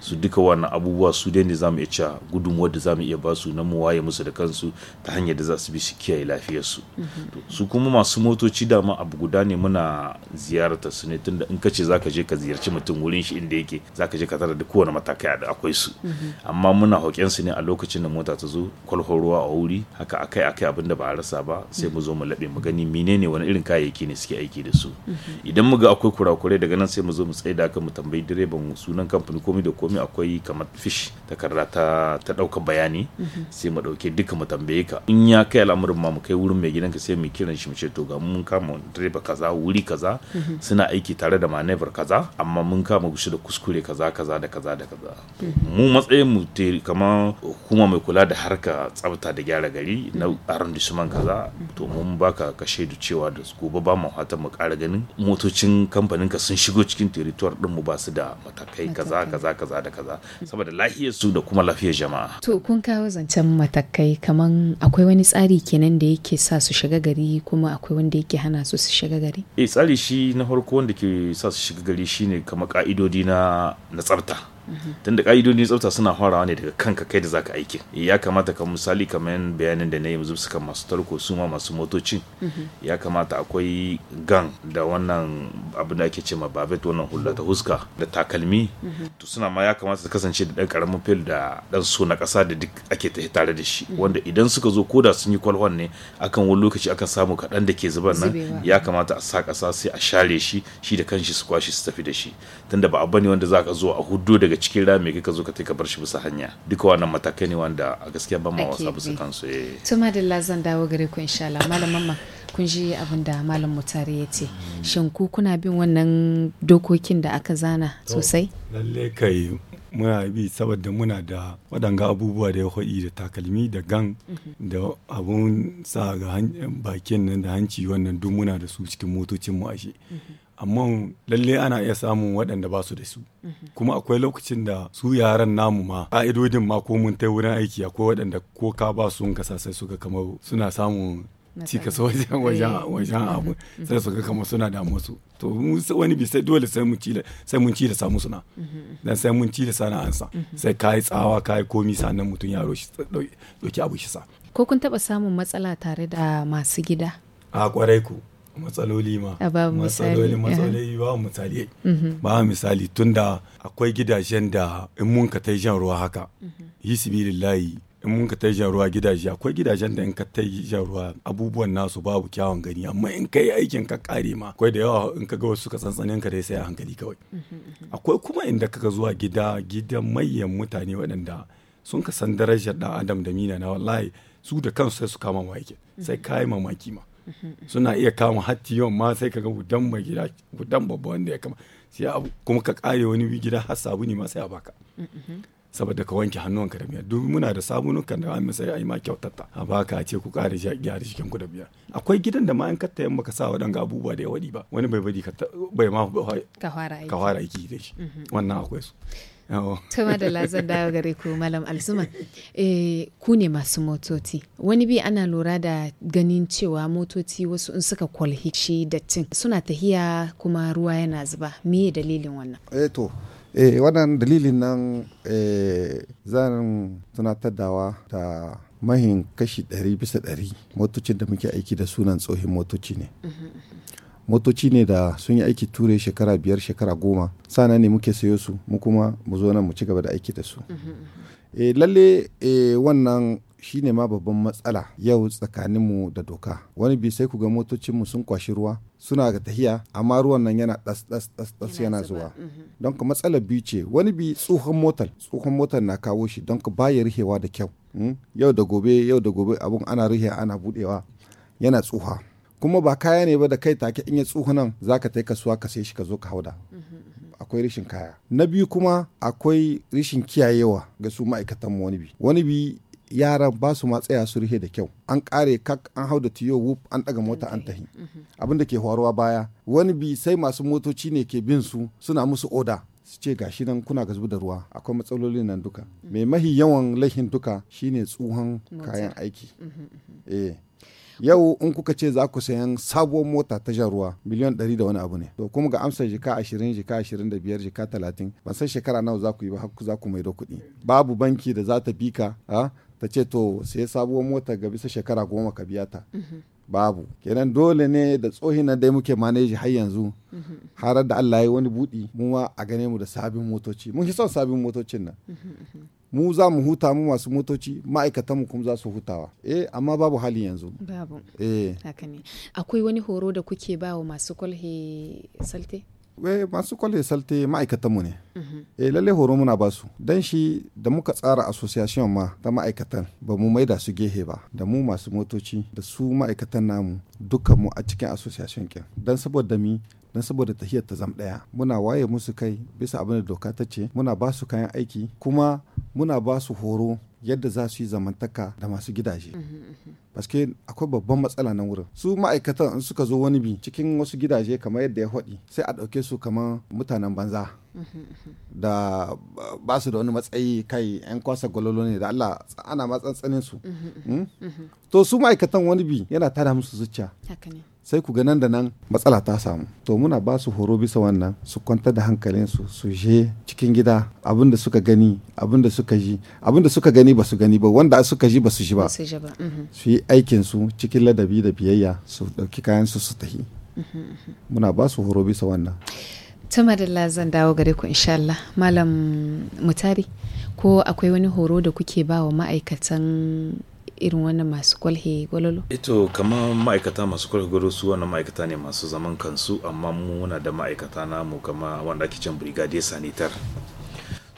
Su duka wannan abubuwa su dai ne zamu iya cewa gudunmuwar da zamu iya ba su na mu waye musu da kansu ta hanyar da za su bi su kiyaye lafiyarsu su kuma masu motoci dama abu guda ne muna ziyarata su ne tunda in ka ce za ka je ka ziyarci mutum wurin shi inda yake za ka je ka tara da kowane matakai da akwai su amma muna hoƙen su ne a lokacin da mota ta zo kwalhon ruwa a wuri haka akai akai abin da ba a rasa ba sai mu zo mu laɓe mu gani ne wani irin kayayyaki ne suke aiki da su idan mu ga akwai kurakurai daga nan sai mu zo mu tsaye da haka mu tambayi direban sunan kamfani komai da komai akwai kamar fish takarda ta ɗaukar bayani sai mu ɗauke duka mu tambaye ka in ya kai al'amarin ma mu kai wurin mai gidanka sai mu kiran shi mu ce to ga mun kama direba kaza wuri kaza mhm. suna aiki tare da manevar kaza amma mun kama gushi da kuskure kaza kaza da kaza da kaza mhm. mu matsayin mu kama hukuma mai kula da harka tsafta da gyara gari na arrondissement kaza mhm. to mun baka ka shaidu cewa da gobe ba mu hata mu ƙara ganin motocin kamfanin ka sun shigo cikin territoire din mu ba su da matakai kaza kaza kaza da kaza saboda lafiyar su da kuma lafiyar jama'a to kun kawo zancen matakai kaman a akwai wani tsari kenan da yake sa su shiga gari kuma akwai wanda yake hana su su shiga gari eh tsari shi na farko wanda ke sa su shiga gari shine kama ka'idodi na na tsafta tunda ka'idodin tsafta suna farawa ne daga kanka kai da zaka aiki ya kamata ka misali kamar bayanin da na yi su suka masu tarko su ma masu motocin ya kamata akwai gan da wannan abu da ake ce ma babet wannan hula ta huska da takalmi to suna ma ya kamata su kasance da ɗan karamin fil da ɗan so na kasa da duk ake ta tare da shi wanda idan suka zo ko da sun yi kwalwan ne akan wani lokaci akan samu kaɗan da ke zuban nan ya kamata a sa ƙasa sai a share shi shi da kanshi su kwashi su tafi da shi tunda ba abu ne wanda zaka zo a hudu daga cikin rami kika zo ka ka bar shi bisa hanya duka wannan matakai ne wanda a gaskiya ban ma wasa bisa kansu eh to madalla zan dawo gare ku insha Allah mamma kun ji abin da malam mutare ya ce shin ku kuna bin wannan dokokin da aka zana sosai lalle kai muna bi saboda muna da waɗanga abubuwa da ya haɗi da takalmi da gan mhm. da abun sa ga bakin nan da hanci wannan duk muna da su cikin motocin mu ashe mhm. amma lalle ana iya samun waɗanda ba su da su kuma akwai lokacin da su yaran namu ma ƙa'idodin ma ko mun tai wurin aiki akwai waɗanda ko ka ba su kasa sai suka kamar suna samun cika su eh. wajen wajen mm-hmm. abu mm-hmm. sai suka kamar suna da musu to wani bi sai dole sai mun ci da sai mun ci da samu suna mm-hmm. dan sai mun ci da sana'ansa sai kai tsawa kai komi sanan mutun yaro shi dauki abu shi sa ko kun taba samun matsala tare da masu gida a kwarai ku matsaloli ma matsaloli eh. matsaloli ba misali mhm. ba misali tunda akwai gidajen da in mun ka jan ruwa haka mhm. lillahi. in mun ka tai jan ruwa gidaje akwai gidajen da in ka tai jan ruwa abubuwan nasu babu kyawun gani amma in ka yi aikin ka kare ma akwai da yawa in ka ga wasu ka tsantsanin ka dai sai a hankali kawai mhm, akwai kuma inda kaka zuwa gida gidan manyan mutane waɗanda sun ka san darajar dan adam da mina na wallahi su da kansu sai su kama mamaki sai kayi mamaki ma suna iya kama hatti yawan ma sai kaga gudan mai gida gudan babba wanda ya kama sai kuma ka kare wani gida har ne ma sai a baka saboda ka wanke hannuwanka da biyar duk muna da sabunuka da an sai a yi ma kyautata a baka a ce ku kare gyara jikin ku da biyar akwai gidan da ma an katta yamma ka sa waɗanga abubuwa da ya waɗi ba wani bai bari ka bai ma ka fara aiki da shi mm-hmm. wannan akwai su to da lazan dawo gare ku malam alsuma eh, ku ne masu motoci wani bi ana lura da ganin cewa motoci wasu in suka shi dattin suna tahiya kuma ruwa yana zuba meye dalilin wannan eh eh, wannan dalilin nan zan zan tunatar dawa ta mahin kashi 100 bisa 100 motocin da muke aiki da sunan tsohin motoci ne mhm, mhm. motoci ne da sun yi aiki ture shekara biyar shekara goma sana ne muke sayo su mu kuma mu zo nan mu ci gaba da aiki da su e, lalle e, wannan shine ma babban matsala yau tsakanin mu da doka wani bi sai ku ga mu sun kwashi ruwa suna ga tahiya amma ruwan nan yana ɗas ɗas ɗas ɗas yana zuwa mm-hmm. don ka matsalar biyu ce wani bi tsohon motar tsohon motar na kawo shi don ka baya rihewa da kyau hmm? yau da gobe yau da gobe abun ana rihe ana budewa yana tsuha kuma ba kaya ne ba da kai take in ya tsuhunan za ka tai kasuwa ka sai shi ka zo ka hauda akwai rishin kaya na biyu kuma akwai rishin kiyayewa ga su ma'aikatan wani bi wani bi yara ba su ma su rihe da kyau an kare kak an hau da tiyo wuf an daga mota an tahi abin da ke faruwa baya wani bi sai masu motoci ne ke bin su suna musu oda su ce gashi nan kuna ga da ruwa akwai matsalolin nan duka mai mahi yawan laihin duka shine tsuhon kayan aiki mm-hmm. eh yau in kuka ce za ku sayan sabuwar mota ta jan ruwa miliyan ɗari da wani abu ne to kuma ga amsa jika ashirin jika ashirin da biyar jika talatin ban san shekara nawa za ku yi ba har za ku da kuɗi babu banki da za ta bi ka ta ce to sai sabuwar mota ga bisa shekara goma ka biya ta mhm. babu kenan dole ne da tsohi na dai muke maneji har yanzu mhm. har da Allah ya wani budi mu ma a gane mu da sabin motoci mun fi son sabin motocin nan mhm, mu za mu huta mu masu motoci ma'aikatan mu kuma za su hutawa eh amma babu hali yanzu babu eh haka ne akwai wani horo da kuke ba wa masu kwalhe salte we eh, masu kwalhe salte ma'aikatan mu ne mhm. eh lalle horo muna ba su dan shi da muka tsara association ma ta ma'aikatan ba mu maida su gehe ba da mu masu motoci da su ma'aikatan namu dukkan mu a cikin association kin dan saboda mi don saboda tahiyar ta zam ɗaya muna waye musu kai bisa abin da doka ta ce muna ba su kayan aiki kuma muna ba su horo yadda za su yi zamantaka da masu gidaje paske akwai babban matsala na wurin su ma'aikatan in suka zo wani bi cikin wasu gidaje kamar yadda ya faɗi sai a ɗauke su kamar mutanen banza da ba su da wani matsayi kai 'yan kwasa gwalolo ne da Allah ana matsantsanin su hmm? to su ma'aikatan wani bi yana tada musu zuciya sai ku ga nan da nan matsala ta samu to muna ba su horo bisa wannan su kwantar da hankalin su je cikin gida abin da suka gani abin da suka ji abin da suka gani ba su gani ba wanda suka ji ba su ji ba mhm. su yi aikinsu cikin ladabi da biyayya su ɗauki kayansu su tahi muna ba su horo bisa wannan ta da zan dawo gare ku inshallah malam mutari ko akwai wani horo da kuke ba wa ma'aikatan irin wannan masu kwalhe gwalolo? ito eh kamar ma'aikata masu kwalhe gwalolo su wannan ma'aikata ne masu zaman kansu amma muna da ma'aikata namu kama wanda ake can brigadier sanitar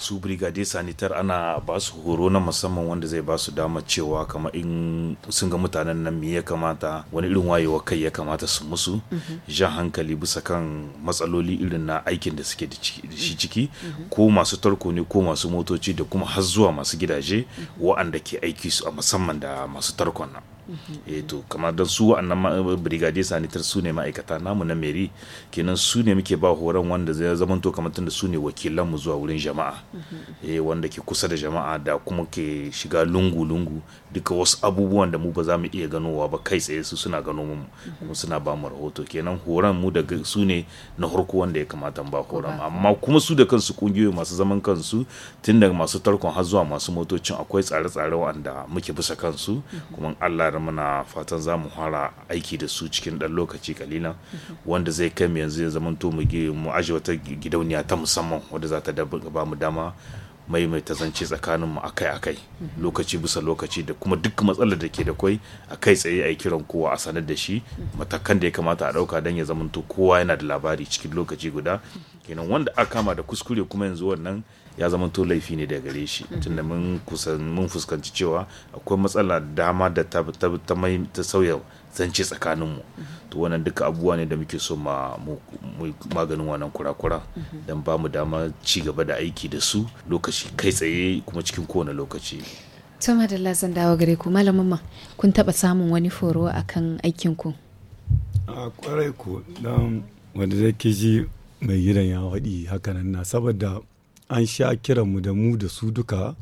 su brigade sanitar ana ba su horo na musamman wanda zai ba su damar cewa kama in sun ga mutanen nan me ya kamata wani irin wayewa kai ya kamata su musu mhm. jan hankali bisa kan matsaloli irin na aikin da suke da shi ciki mhm. ko masu tarko ne ko masu motoci da kuma har zuwa masu gidaje mhm. wa'anda ke aiki su a musamman da masu tarkon nan eh to kamar don su wa'annan eh, brigadier sanitar su ne ma'aikata namu na meri kenan su ne muke ba horon wanda zai zamanto kamar tunda su ne wakilan mu zuwa wurin jama'a mhm. eh wanda ke kusa da jama'a da kuma ke shiga lungu lungu duka wasu abubuwan da mu ba za mu iya ganowa ba kai tsaye su suna gano mu kuma suna ba mu rahoto kenan horan mu daga su ne na harko wanda ya kamata ba horon amma kuma su da kansu kungiyoyi masu zaman kansu tun daga masu tarkon har zuwa masu motocin akwai tsare-tsare wanda muke bisa kansu kuma Allah ya muna fatan za mu fara aiki da su cikin dan lokaci kalilan wanda zai kai mu yanzu ya zamanto mu mu aje wata gidauniya ta musamman wanda za ta ba mu dama maimaita zance tsakaninmu akai-akai lokaci bisa lokaci da kuma duk matsalar da ke da kwai a kai tsaye a yi kiran kowa a sanar da shi matakan da ya kamata a ɗauka don ya zamanto kowa yana da labari cikin lokaci guda kenan wanda aka kama da kuskure kuma yanzu wannan ya zamanto laifi ne daga gare shi tunda mun kusan mun fuskanci cewa akwai matsala dama da ta sauya zance tsakaninmu to wannan duka abubuwa ne da muke so ma maganin wannan kura don ba mu dama ci gaba da aiki da su lokaci kai tsaye kuma cikin kowane lokaci to da zan dawo gare ku malamin kun taba samun wani foro a kan aikinku. a kwarai ku don wanda zai ji mai gidan ya haɗi hakanan na saboda an sha kiranmu da mu da su duka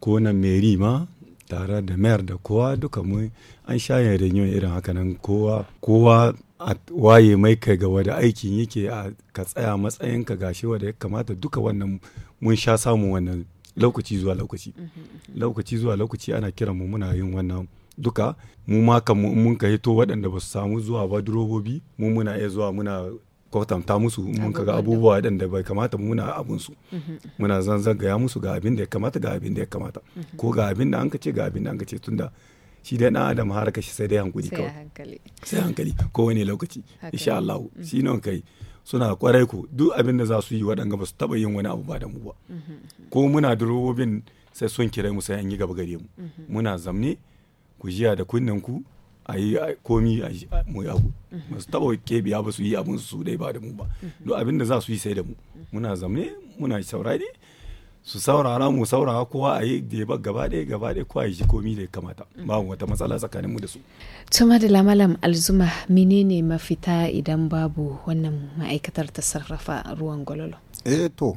ko na meri ma tare da mayar da kowa duka mu an shayin reunion irin haka nan kowa kowa a waye mai kai ga wada aikin yake a ka tsaya matsayin ka gashi wada ya kamata duka wannan mun sha samu wannan lokaci zuwa lokaci mm-hmm, mm-hmm. lokaci zuwa lokaci ana kiran mu muna yin wannan duka mu ma kan mun ka hito waɗanda ba su samu zuwa ba durobobi mu muna iya zuwa muna kwatanta musu mun kaga abubuwa waɗanda bai kamata muna abun su muna ya musu ga abin da ya kamata ga abin da ya kamata ko ga abin da an ka ce ga abin da an ka ce tunda shi dai dan adam har shi sai dai hankali kawai sai hankali ko wani lokaci insha Allah mm-hmm. shi nan kai suna kwarai ko duk abin da za su yi waɗanga ba su taɓa yin wani abu ba da mu ba mm-hmm. ko muna da robobin sai sun kira mu sai an yi gaba gare mu mm-hmm. muna zamne ku jiya da kunnen ku a yi komi a mu abu ba masu taba kebiya ba su yi abin su dai ba da mu ba duk abin da za su yi sai da mu muna zamne muna saurari su saurara mu saurara kowa a yi da gaba ɗaya gaba ɗaya kowa ya ji komi da ya kamata babu wata matsala tsakanin mu da su. tuma da lamalam alzuma menene mafita idan babu wannan ma'aikatar ta sarrafa ruwan gwalolo. eh to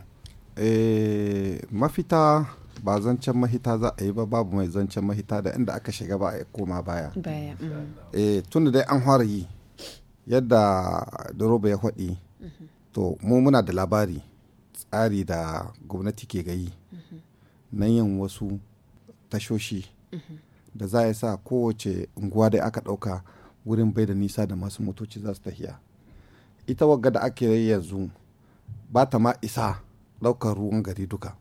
eh, mafita ba zancen mahita za a yi ba babu mai zancen mahita da inda aka shiga ba a koma baya mm. eh tun dai an fara yi yadda doroba ya faɗi mm-hmm. to mu muna da labari tsari da gwamnati ke gayi mm-hmm. na yin wasu tashoshi mm-hmm. da za a sa kowace unguwa da aka ɗauka wurin bai da nisa da masu motoci za su tafiya ita wagga da ake yanzu ba ta ma isa ɗaukar ruwan gari duka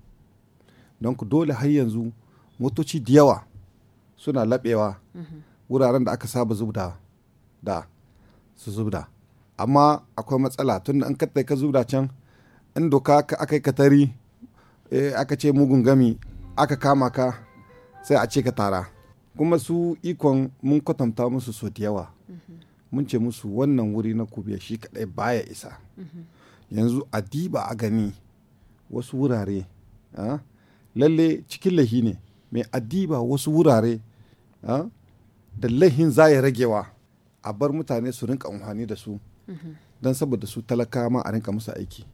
don ku dole har yanzu motoci da yawa suna laɓewa wuraren da aka saba zubda da su zubda amma akwai matsala tunda in ka ka zubda can in doka aka yi katari eh, aka ce mugun gami aka kama ka sai a ce ka tara kuma su ikon mun kwatanta musu so da yawa mun ce musu wannan wuri na kubiya shi kadai baya isa yanzu a diba a gani wasu wurare ah, lalle cikin lahi ne mai addiba wasu wurare da lahin za ya ragewa a bar mutane su rinka amfani da su mhm. don saboda su talaka ma a rinka musu aiki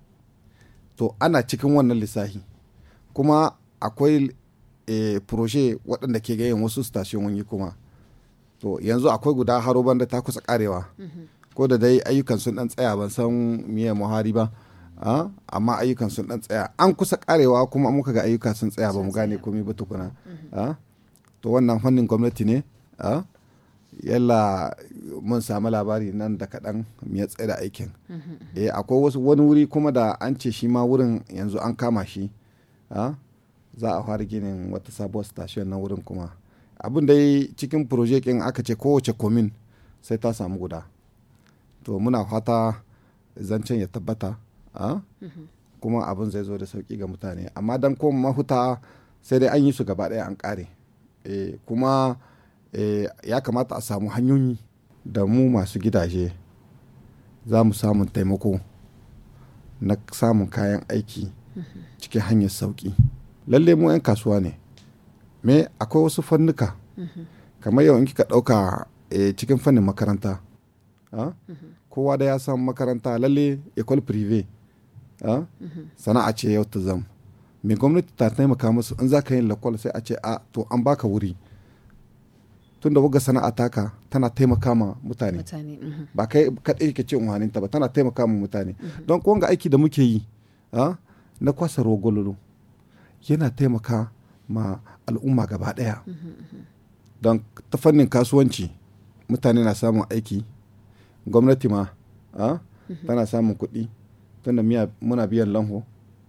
to ana cikin wannan lissafi kuma akwai e, eh, proje waɗanda ke gayin wasu stasiyoyi kuma to yanzu akwai guda haroban da ta kusa karewa mhm. ko da dai ayyukan sun ɗan tsaya ban san miye muhari ba Ah, amma ayyukan sun dan tsaya an kusa karewa kuma muka ga ayyuka sun tsaya ba mu gane komai ba tukuna mm-hmm. ah, to wannan fannin gwamnati ne ah, yalla mun samu labari nan da kaɗan ya tsaye da aikin mm-hmm. eh akwai wasu wani wuri kuma da an ce shi ma wurin yanzu an kama shi za a fara ginin wata sabuwar station na wurin kuma abin dai cikin projekin aka ce kowace komin sai ta samu guda to muna fata zancen ya tabbata Ah? Mhm. kuma abin zai zo da sauki ga mutane amma dan kuma mahuta sai dai an yi su gaba ɗaya an ƙare eh, kuma eh, ya kamata a samu hanyoyi da mu masu gidaje za mu samun taimako na samun kayan aiki mhm. cikin hanyar sauƙi lalle mu 'yan kasuwa ne me akwai wasu fannuka mhm. kamar yau in kika ɗauka eh, cikin fannin makaranta ah? kowa da ya samu makaranta lalle école privée Ah? sana'a ce yau ta zam mai gwamnati ta taimaka musu in za ka yin lakwal sai a ce a ah, to an baka wuri tunda buga sana'a taka tana taimaka ma mutane mhm. ba kai kaɗai ka ce unhaninta ba tana taimaka ma mutane mhm. don kwanga aiki da muke yi ah, na kwasa rogololo yana taimaka ma al'umma gaba ɗaya mhm, don ta fannin kasuwanci mutane na samun aiki gwamnati ma tana samun kuɗi tunda muna biyan lanho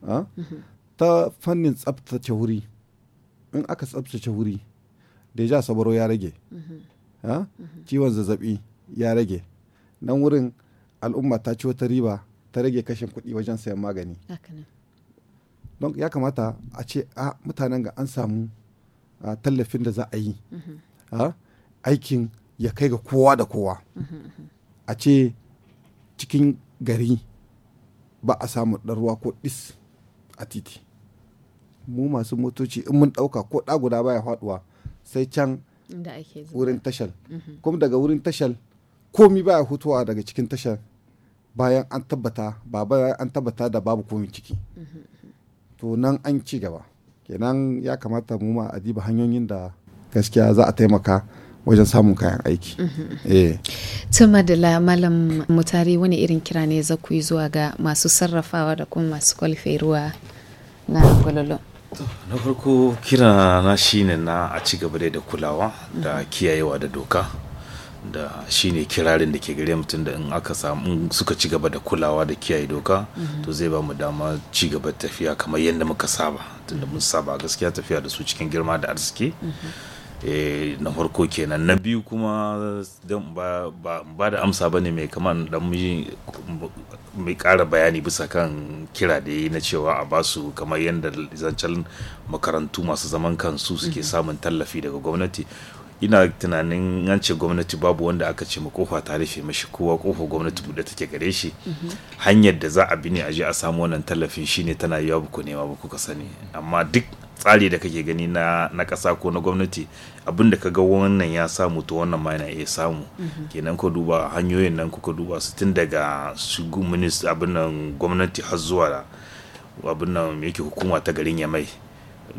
ah? mhm. ta fannin tsabtace wuri in aka tsabtace wuri da ja sabaro ya rage mhm. Ah? Mhm. ciwon zazzabi ya rage nan wurin al'umma ta ci wata riba ta rage kashin kuɗi wajen sayan magani don ya kamata a ce a mutanen ga an samu tallafin da za a yi aikin ya kai ga kowa da kowa a ce cikin gari ba a samu ɗan ruwa ko ɗis a titi mu masu motoci in mun ɗauka ko ɗa guda baya faɗuwa sai can wurin tashal mhm. kuma daga wurin tashal komi baya hutuwa daga cikin tashar bayan an tabbata ba bayan an tabbata da babu komi ciki mhm. to nan an ci gaba kenan ya kamata mu ma a diba hanyoyin da gaskiya za a taimaka wajen samun kayan aiki. Mm-hmm. Eh. Tuma da malam mutari wani irin kira ne za ku yi zuwa ga masu sarrafawa da kuma masu kwalife ruwa na gwalolo. Na farko kira na shine na a ci gaba da kulawa da mm-hmm. kiyayewa da doka da shine kirarin da ke gare mutum da in aka samu suka ci gaba da kulawa da kiyaye doka mm-hmm. to zai ba mu dama ci gaba tafiya kamar yadda muka saba tunda mun saba gaskiya tafiya da su cikin girma da arziki. Eh, na farko kenan na biyu kuma don ba da amsa ba ne mai kaman dan mai kara bayani bisa kan kira da yi na cewa a basu kamar yadda zancen makarantu masu zaman kansu suke mhm. samun tallafi daga gwamnati ina tunanin an ce gwamnati babu wanda aka ce kofa ta rufe mashi kowa kofa gwamnati buɗe take gare shi mhm. hanyar da za a bi ne a je a samu wannan tallafin shine tana yiwa ba ku nema ba kuka sani amma duk tsari da kake gani na na ƙasa ko na gwamnati abin da kaga wannan ya samu to wannan ma yana iya samu mhm. kenan ka duba hanyoyin nan kuka duba su tun daga shigu minista abin nan gwamnati har zuwa abin nan yake hukuma ta garin yamai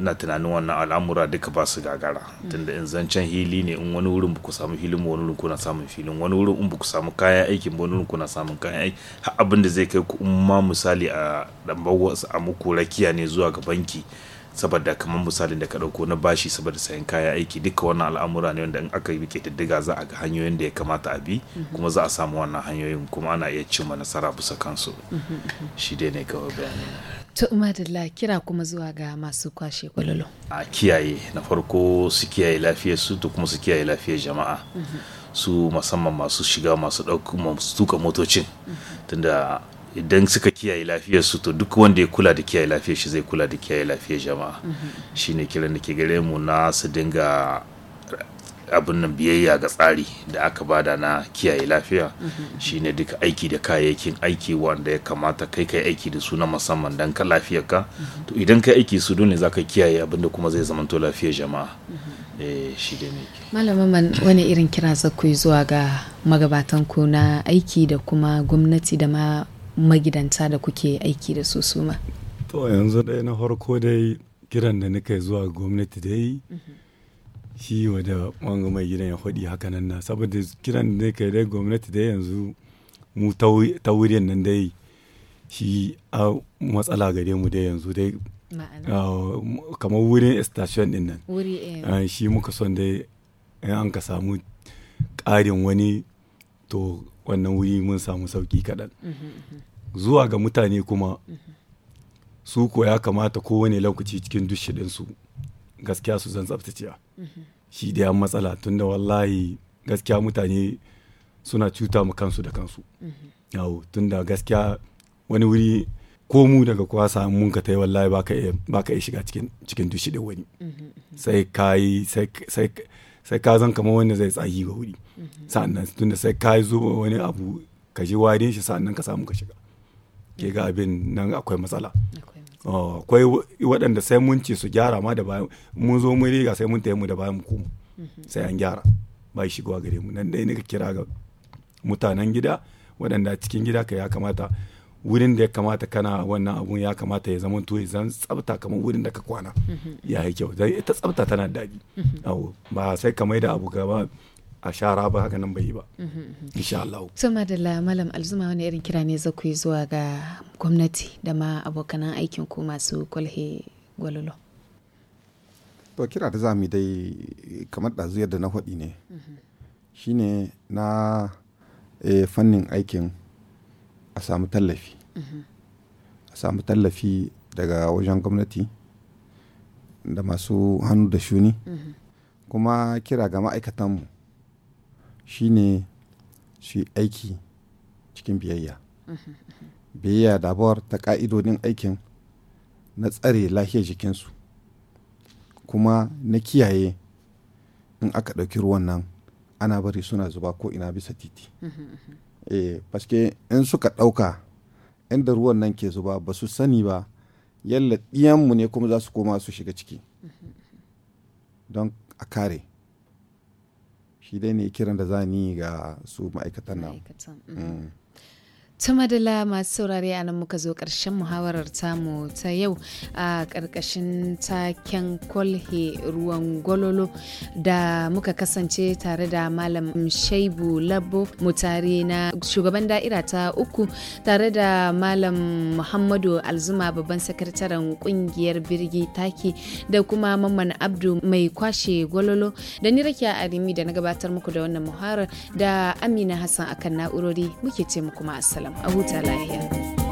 na tunanin wannan al'amura duka ba su gagara mm. tunda in zancen hili ne in wani wurin ku samu filin wani wurin kuna samun filin wani wurin in ku samu kayan aikin wani wurin kuna samun kayan aiki har abin da zai kai ku in ma misali a dambawa a muku rakiya ne zuwa ga banki saboda kamar misalin da ka ɗauko na bashi saboda sayan kaya aiki duka wannan al'amura ne wanda in aka yi ke diddiga za a ga hanyoyin da ya kamata a bi mhm. kuma za a samu wannan hanyoyin kuma ana iya cimma nasara bisa kansu mhm, mhm. shi dai ne kawai bayani to umadilla kira kuma zuwa ga masu kwashe kwalolo a kiyaye na farko su kiyaye lafiyar su to kuma su kiyaye lafiyar jama'a su musamman masu shiga masu ɗauka tuka motocin tunda idan suka kiyaye lafiyar su to duk wanda ya kula da kiyaye lafiyar shi zai kula da kiyaye lafiyar jama'a mm-hmm. shine kiran da ke gare mu na su dinga abin nan biyayya ga tsari da aka bada na kiyaye lafiya mm-hmm. shine duka aiki da kayayyakin aiki wanda ya kamata kai kai aiki da su na musamman dan ka lafiyar ka mm-hmm. to idan ka aiki su dole zaka kiyaye abin da kuma zai zamanto lafiyar jama'a eh shi da ne malama man wani irin kira za ku zuwa ga magabatan ku na aiki da kuma gwamnati da ma magidanta da kuke aiki da su suma to yanzu dai na farko dai kiran da nika zuwa gwamnati dai shi wadda wanga mai gidan ya faɗi haka nan na saboda kiran da nika dai gwamnati dai yanzu mu ta wurin nan dai shi a matsala gare mu dai yanzu dai ah, kamar wurin station din nan eh. ah, shi muka son dai an ka samu ƙarin wani to wannan wuri mun samu sauki kaɗan mhm, mhm. zuwa ga mutane kuma mhm. su ko ya kamata kowane lokaci cikin dushiɗinsu gaskiya su zan tsabtaciya shi da yan matsala tunda wallahi gaskiya mutane suna cuta mu kansu da kansu yawo tunda gaskiya wani wuri ko mu daga kwasa mun ka yi wallahi ba ka iya shiga cikin cikin wani sai kai sai sai ka zan kamar wanda zai tsayi ga wuri sa'annan tunda sai ka zuba wani abu ka ji warin shi sa'annan ka samu ka shiga ke ga abin nan akwai matsala akwai oh, waɗanda sai mun ce su gyara ma da bayan mun zo mun riga sai mun taya mu da bayan mu komo mhm. sai an gyara ba shigowa gare mu nan dai ne ka kira ga mutanen gida waɗanda cikin gida ka ya kamata wurin da ya kamata kana wannan abun ya kamata ya zama to zan tsabta kamar wurin da ka kwana mm-hmm. ya yi kyau zai ita tsabta tana daɗi mm-hmm. awo ba sai ka mai da abu gaba a shara ba haka nan bai yi ba mm-hmm. insha Allah sama da malam alzuma wani irin kira ne zaku yi zuwa ga gwamnati da ma abokanan aikin ku masu kulhe gwalolo to kira da zamu dai kamar ɗazu yadda na hudi ne shine na eh, fannin aikin a samu tallafi a samu tallafi daga wajen gwamnati da masu hannu da shuni kuma kira ga ma'aikatanmu shine su yi aiki cikin biyayya biyayya dabar ta ka'idodin aikin na tsare lafiyar jikinsu kuma na kiyaye in aka ɗauki ruwan nan ana bari suna zuba ko ina bisa titi eh paske in suka ɗauka inda ruwan nan ke zuba ba su sani ba yalla ɗiyanmu ne kuma za su koma su shiga ciki don a kare shi dai ne kiran da za ni ga su ma'aikatan nan mhm. mm. ta madala masu saurare a nan muka zo ƙarshen muhawarar tamu ta yau a ƙarƙashin taken kolhe ruwan gololo da muka kasance tare da malam shaibu labo mutare na shugaban da'ira ta uku tare da malam muhammadu alzuma babban sakataren ƙungiyar birgi taki da kuma mamman abdu mai kwashe gololo da ni rakiya arimi da na gabatar muku da wannan muhawarar da amina hassan akan na'urori muke ce muku ma'asala malam a huta lafiya.